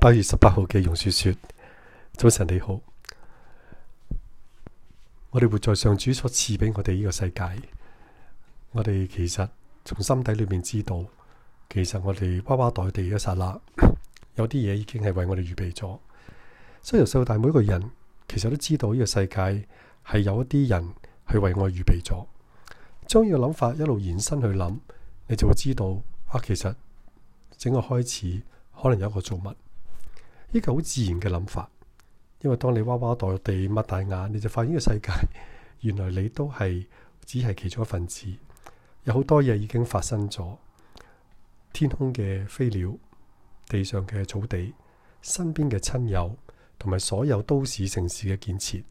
八月十八號嘅容雪雪，早晨你好。我哋活在上主所賜俾我哋呢個世界，我哋其實從心底裏面知道，其實我哋呱呱墜地一剎那，有啲嘢已經係為我哋預備咗。所以由細大每個人，其實都知道呢個世界係有一啲人係為我預備咗。將呢個諗法一路延伸去諗，你就會知道啊。其實整個開始可能有一個造物。呢個好自然嘅諗法，因為當你娃娃落地擘大眼，你就發現呢個世界原來你都係只係其中一份子。有好多嘢已經發生咗，天空嘅飛鳥，地上嘅草地，身邊嘅親友，同埋所有都市城市嘅建設。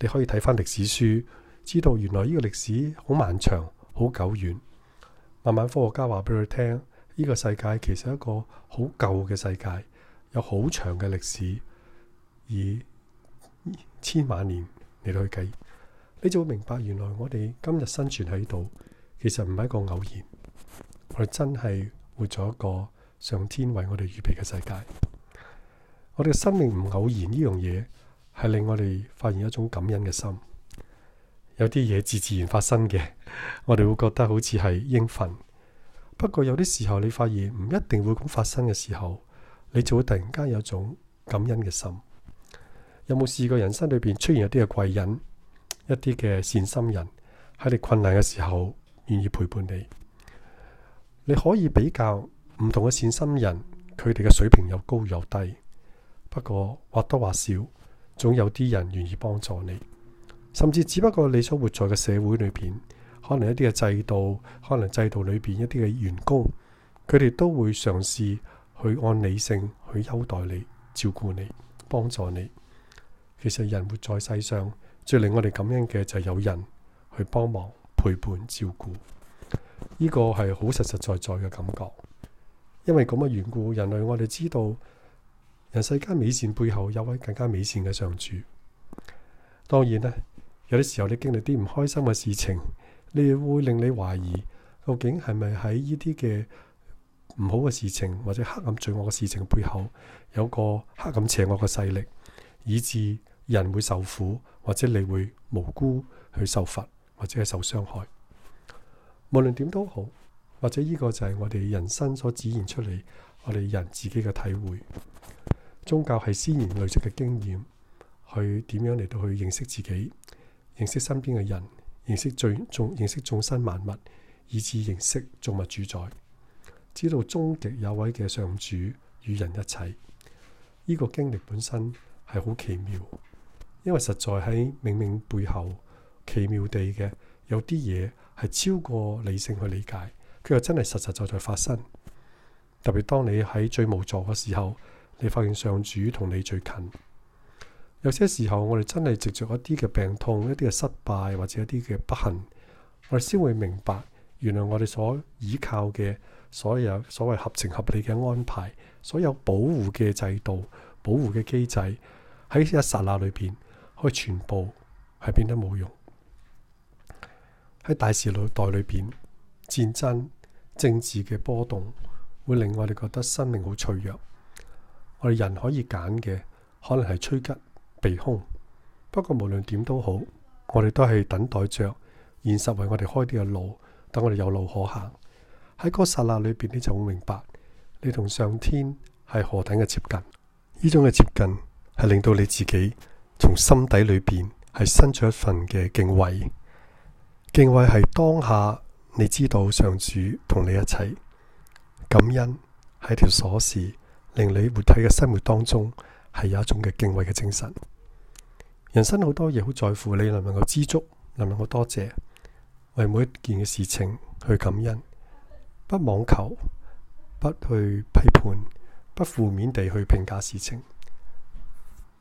你可以睇返歷史書，知道原來呢個歷史好漫長、好久遠。慢慢科學家話俾佢聽，呢、呢個世界其實係一個好舊嘅世界。有好長嘅歷史，以千萬年嚟去計，你就會明白，原來我哋今日生存喺度，其實唔係一個偶然，我哋真係活咗一個上天為我哋預備嘅世界。我哋嘅生命唔偶然呢樣嘢，係令我哋發現一種感恩嘅心。有啲嘢自自然發生嘅，我哋會覺得好似係應份。不過有啲時，時候，你發現唔一定會咁發生嘅時候，你就會突然間有種感恩嘅心，有冇試過人生裏邊出現一啲嘅貴人，一啲嘅善心人喺你困難嘅時候願意陪伴你？你可以比較唔同嘅善心人，佢哋嘅水平有高有低，不過或多或少總有啲人願意幫助你，甚至只不過你所活在嘅社會裏邊，可能一啲嘅制度，可能制度裏邊一啲嘅員工，佢哋都會嘗試。去按理性去優待你、照顧你、幫助你。其實人活在世上，最令我哋感恩嘅就係有人去幫忙、陪伴、照顧。呢個係好實實在在嘅感覺。因為咁嘅緣故，人類我哋知道，人世間美善背後有位更加美善嘅上主。當然咧，有啲時候你經歷啲唔開心嘅事情，你會令你懷疑，究竟係咪喺呢啲嘅？唔好嘅事情，或者黑暗罪惡嘅事情背後，有個黑暗邪惡嘅勢力，以致人會受苦，或者你會無辜去受罰，或者係受傷害。無論點都好，或者呢個就係我哋人生所展現出嚟，我哋人自己嘅體會。宗教係先賢累積嘅經驗，去點樣嚟到去認識自己，認識身邊嘅人，認識眾眾，認識眾生萬物，以至認識眾物主宰。知道終極有位嘅上主與人一齊，呢個經歷本身係好奇妙，因為實在喺冥冥背後，奇妙地嘅有啲嘢係超過理性去理解，佢又真係實實在在發生。特別當你喺最無助嘅時候，你發現上主同你最近。有些時候，我哋真係藉著一啲嘅病痛、一啲嘅失敗或者一啲嘅不幸，我哋先會明白。原來我哋所依靠嘅所有所謂合情合理嘅安排，所有保護嘅制度、保護嘅機制，喺一剎那裏邊，可以全部係變得冇用。喺大時代裏邊，戰爭、政治嘅波動會令我哋覺得生命好脆弱。我哋人可以揀嘅，可能係趨吉避凶。不過無論點都好，我哋都係等待着現實為我哋開啲嘅路。等我哋有路可行，喺嗰剎那裏邊，你就會明白你同上天係何等嘅接近。呢種嘅接近係令到你自己從心底裏邊係生咗一份嘅敬畏。敬畏係當下你知道上主同你一齊，感恩係條鎖匙，令你活體嘅生活當中係有一種嘅敬畏嘅精神。人生好多嘢好在乎，你能唔能夠知足，能唔能夠多謝？為每一件嘅事情去感恩，不妄求，不去批判，不負面地去評價事情，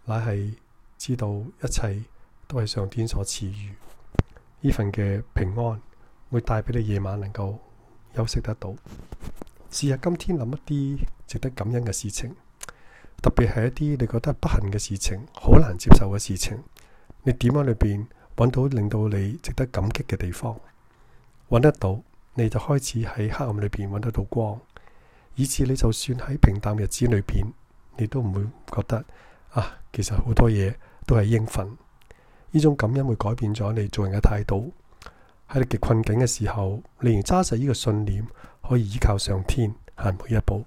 乃係知道一切都係上天所賜予。呢份嘅平安會帶俾你夜晚能夠休息得到。試下今天諗一啲值得感恩嘅事情，特別係一啲你覺得不幸嘅事情，好難接受嘅事情，你點喺裏邊？揾到令到你值得感激嘅地方，揾得到你就開始喺黑暗裏邊揾得到光，以致你就算喺平淡日子裏邊，你都唔會覺得啊，其實好多嘢都係應份。呢種感恩會改變咗你做人嘅態度，喺你極困境嘅時候，你仍然揸實呢個信念，可以依靠上天行每一步。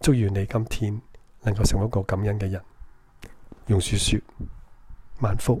祝願你今天能夠成為一個感恩嘅人。用樹說：萬福。